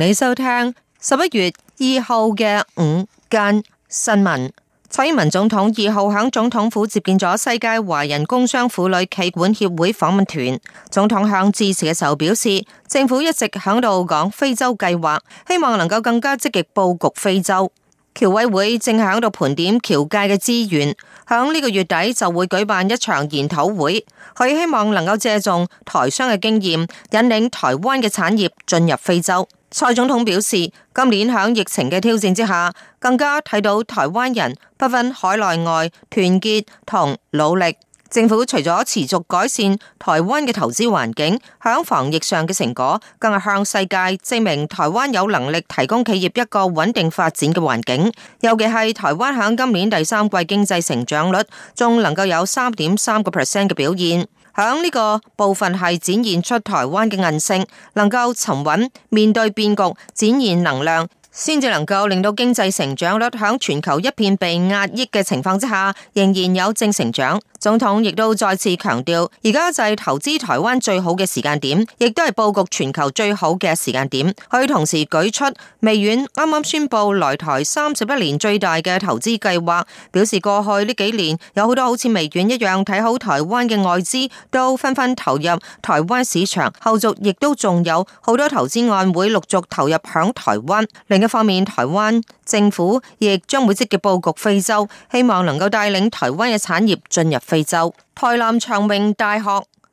你收聽十一月二號嘅午間新聞。蔡英文總統二號響總統府接見咗世界華人工商婦女企管協會訪問團。總統向致辭嘅時候表示，政府一直響度講非洲計劃，希望能夠更加積極佈局非洲。僑委會正響度盤點僑界嘅資源，響呢個月底就會舉辦一場研討會。佢希望能夠借重台商嘅經驗，引領台灣嘅產業進入非洲。蔡總統表示，今年喺疫情嘅挑戰之下，更加睇到台灣人不分海內外團結同努力。政府除咗持續改善台灣嘅投資環境，喺防疫上嘅成果，更係向世界證明台灣有能力提供企業一個穩定發展嘅環境。尤其係台灣喺今年第三季經濟成長率 3. 3，仲能夠有三點三個 percent 嘅表現。響呢個部分係展現出台灣嘅韌性，能夠沉穩面對變局，展現能量，先至能夠令到經濟成長率響全球一片被壓抑嘅情況之下，仍然有正成長。總統亦都再次強調，而家就係投資台灣最好嘅時間點，亦都係佈局全球最好嘅時間點。佢同時舉出微軟啱啱宣布來台三十一年最大嘅投資計劃，表示過去呢幾年有好多好似微軟一樣睇好台灣嘅外資都紛紛投入台灣市場，後續亦都仲有好多投資案會陸續投入響台灣。另一方面，台灣政府亦將會積極佈局非洲，希望能夠帶領台灣嘅產業進入。非洲、台南長榮大學、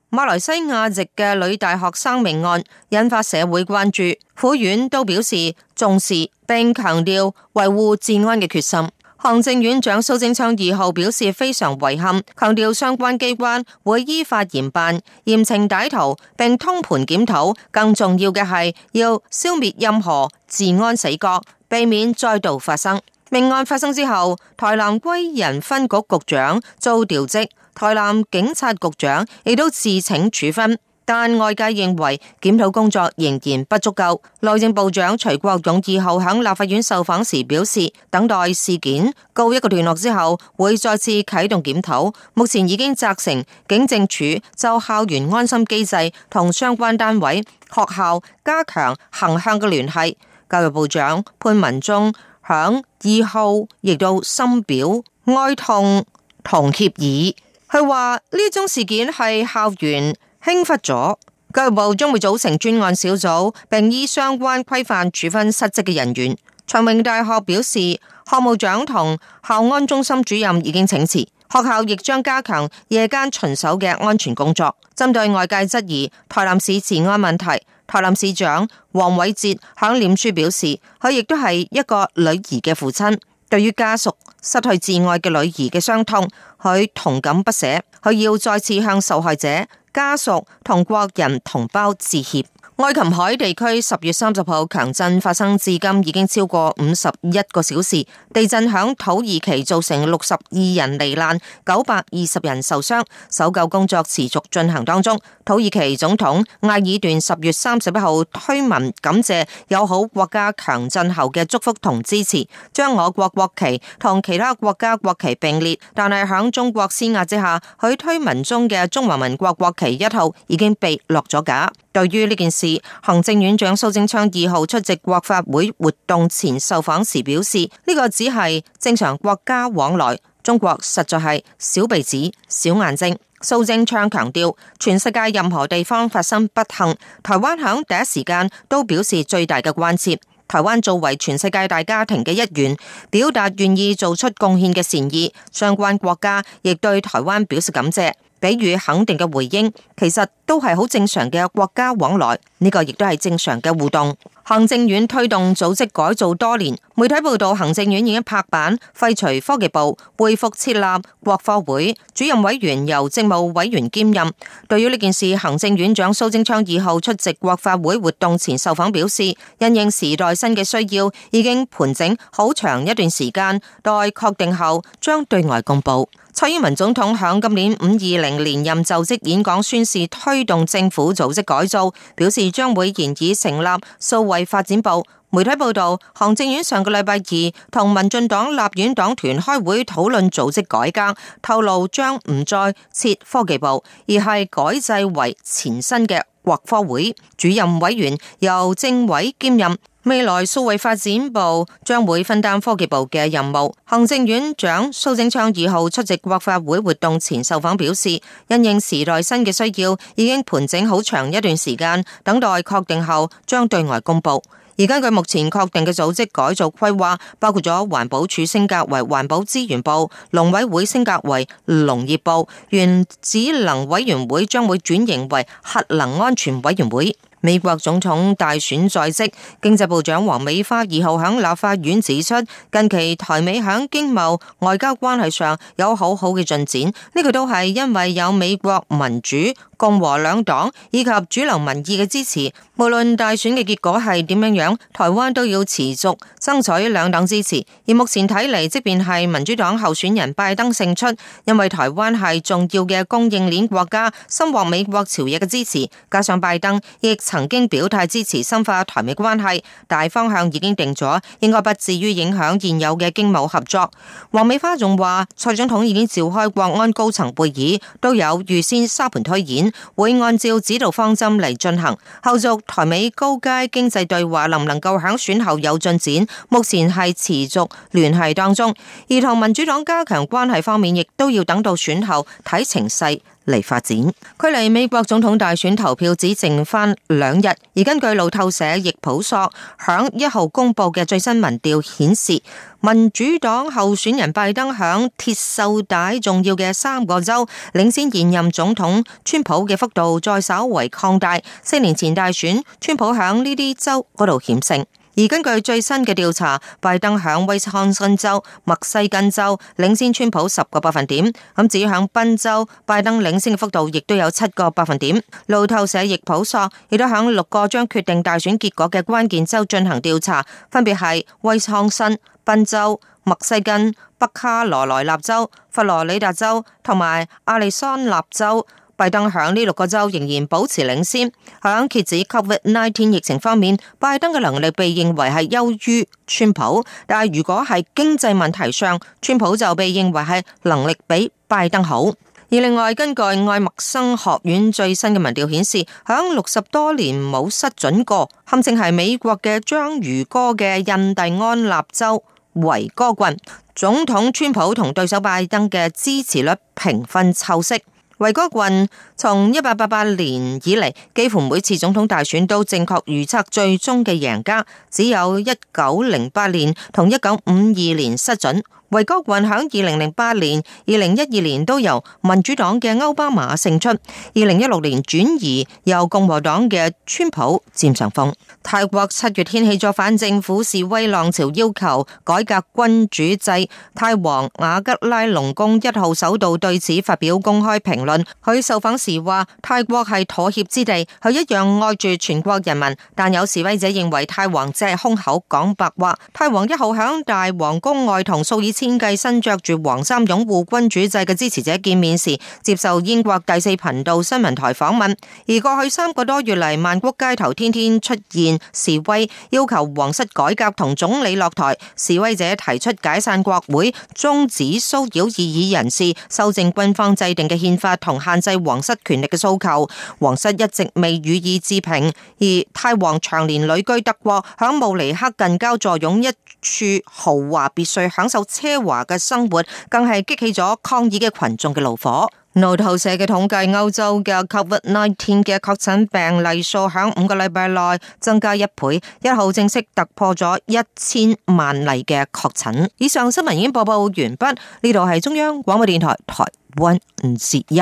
馬來西亞籍嘅女大學生命案引發社會關注，府院都表示重視，並強調維護治安嘅決心。行政院長蘇貞昌二號表示非常遺憾，強調相關機關會依法嚴辦，嚴懲歹徒，並通盤檢討。更重要嘅係要消滅任何治安死角，避免再度發生。命案發生之後，台南歸仁分局局長遭調職，台南警察局長亦都自請處分，但外界認為檢討工作仍然不足夠。內政部長徐國勇二號喺立法院受訪時表示，等待事件告一個段落之後，會再次啟動檢討。目前已經責成警政署就校園安心機制同相關單位、學校加強橫向嘅聯繫。教育部長潘文忠。響以後亦都深表哀痛同歉意，佢話呢宗事件係校園輕忽咗，教育部將會組成專案小組，並依相關規範處分失職嘅人員。長榮大學表示，學務長同校安中心主任已經請辭，學校亦將加強夜間巡守嘅安全工作。針對外界質疑台南市治安問題，台南市長黃偉哲響臉書表示，佢亦都係一個女兒嘅父親，對於家屬失去至愛嘅女兒嘅傷痛，佢同感不捨，佢要再次向受害者家屬同國人同胞致歉。愛琴海地區十月三十號強震發生至今已經超過五十一個小時，地震響土耳其造成六十二人罹難、九百二十人受傷，搜救工作持續進行當中。土耳其總統埃爾段十月三十一號推文感謝友好國家強震後嘅祝福同支持，將我國國旗同其他國家國旗並列，但係響中國施壓之下，佢推文中嘅中華民國國旗一號已經被落咗架。對於呢件事，行政院長蘇貞昌二號出席國法會活動前受訪時表示，呢個只係正常國家往來。中國實在係小鼻子、小眼睛。蘇貞昌強調，全世界任何地方發生不幸，台灣響第一時間都表示最大嘅關切。台灣作為全世界大家庭嘅一員，表達願意做出貢獻嘅善意，相關國家亦對台灣表示感謝。給予肯定嘅回應，其實都係好正常嘅國家往來，呢個亦都係正常嘅互動。行政院推動組織改造多年，媒體報道行政院已經拍板廢除科技部，恢復設立國科會，主任委員由政務委員兼任。對於呢件事，行政院長蘇貞昌二號出席國發會活動前受訪表示，因應時代新嘅需要，已經盤整好長一段時間，待確定後將對外公布。蔡英文總統響今年五二零連任就職演講宣示推動政府組織改造，表示將會研議成立數位發展部。媒體報道，行政院上個禮拜二同民進黨立院黨團開會討論組織改革，透露將唔再設科技部，而係改制為前身嘅國科會，主任委員由政委兼任。未來數位發展部將會分擔科技部嘅任務。行政院長蘇貞昌二號出席國發會活動前受訪表示，因應時代新嘅需要，已經盤整好長一段時間，等待確定後將對外公布。而根據目前確定嘅組織改造規劃，包括咗環保署升格為環保資源部，農委會升格為農業部，原子能委員會將會轉型為核能安全委員會。美國總統大選在即，經濟部長王美花二號響立法院指出，近期台美響經貿、外交關係上有好好嘅進展，呢個都係因為有美國民主、共和兩黨以及主流民意嘅支持。無論大選嘅結果係點樣樣，台灣都要持續爭取兩黨支持。而目前睇嚟，即便係民主黨候選人拜登勝出，因為台灣係重要嘅供應鏈國家，深獲美國朝野嘅支持，加上拜登亦。曾經表態支持深化台美關係，大方向已經定咗，應該不至於影響現有嘅經貿合作。王美花仲話，蔡總統已經召開國安高層會議，都有預先沙盤推演，會按照指導方針嚟進行。後續台美高階經濟對話能唔能夠喺選後有進展，目前係持續聯繫當中。而同民主黨加強關係方面，亦都要等到選後睇情勢。嚟發展，距離美國總統大選投票只剩翻兩日，而根據路透社、易普索響一號公布嘅最新民調顯示，民主黨候選人拜登響鐵鏽帶重要嘅三個州領先現任總統川普嘅幅度再稍為擴大，四年前大選川普響呢啲州嗰度險勝。而根據最新嘅調查，拜登響威斯康辛州、墨西根州領先川普十個百分點，咁至於響賓州，拜登領先嘅幅度亦都有七個百分點。路透社易普索亦都響六個將決定大選結果嘅關鍵州進行調查，分別係威斯康辛、賓州、墨西根、北卡羅來納州、佛羅里達州同埋阿利桑納州。拜登響呢六個州仍然保持領先，響遏止 COVID-19 疫情方面，拜登嘅能力被認為係優於川普，但係如果係經濟問題上，川普就被認為係能力比拜登好。而另外，根據愛默生學院最新嘅民調顯示，響六十多年冇失準過，堪稱係美國嘅章魚哥嘅印第安納州維哥郡，總統川普同對手拜登嘅支持率平分秋色。維戈郡從一八八八年以嚟，幾乎每次總統大選都正確預測最終嘅贏家，只有一九零八年同一九五二年失準。維國運響二零零八年、二零一二年都由民主黨嘅奧巴馬勝出，二零一六年轉移由共和黨嘅川普占上風。泰國七月掀起反政府示威浪潮，要求改革君主制。泰皇瓦吉拉隆功一號首度對此發表公開評論，佢受訪時話：泰國係妥協之地，佢一樣愛住全國人民。但有示威者認為泰皇只係空口講白話。泰皇一號響大皇宮外同數以天際新着住黃衫擁護君主制嘅支持者見面時，接受英國第四頻道新聞台訪問。而過去三個多月嚟，曼谷街頭天天出現示威，要求皇室改革同總理落台。示威者提出解散國會、終止騷擾異議人士、修正軍方制定嘅憲法同限制皇室權力嘅訴求。皇室一直未予以置評。而泰皇長年旅居德國，響慕尼黑近郊坐擁一處豪華別墅，享受車奢華嘅生活，更係激起咗抗議嘅群眾嘅怒火。路透社嘅統計，歐洲嘅 COVID-19 嘅確診病例數響五個禮拜內增加一倍，一號正式突破咗一千萬例嘅確診。以上新聞已經播報完畢，呢度係中央廣播電台台灣之音。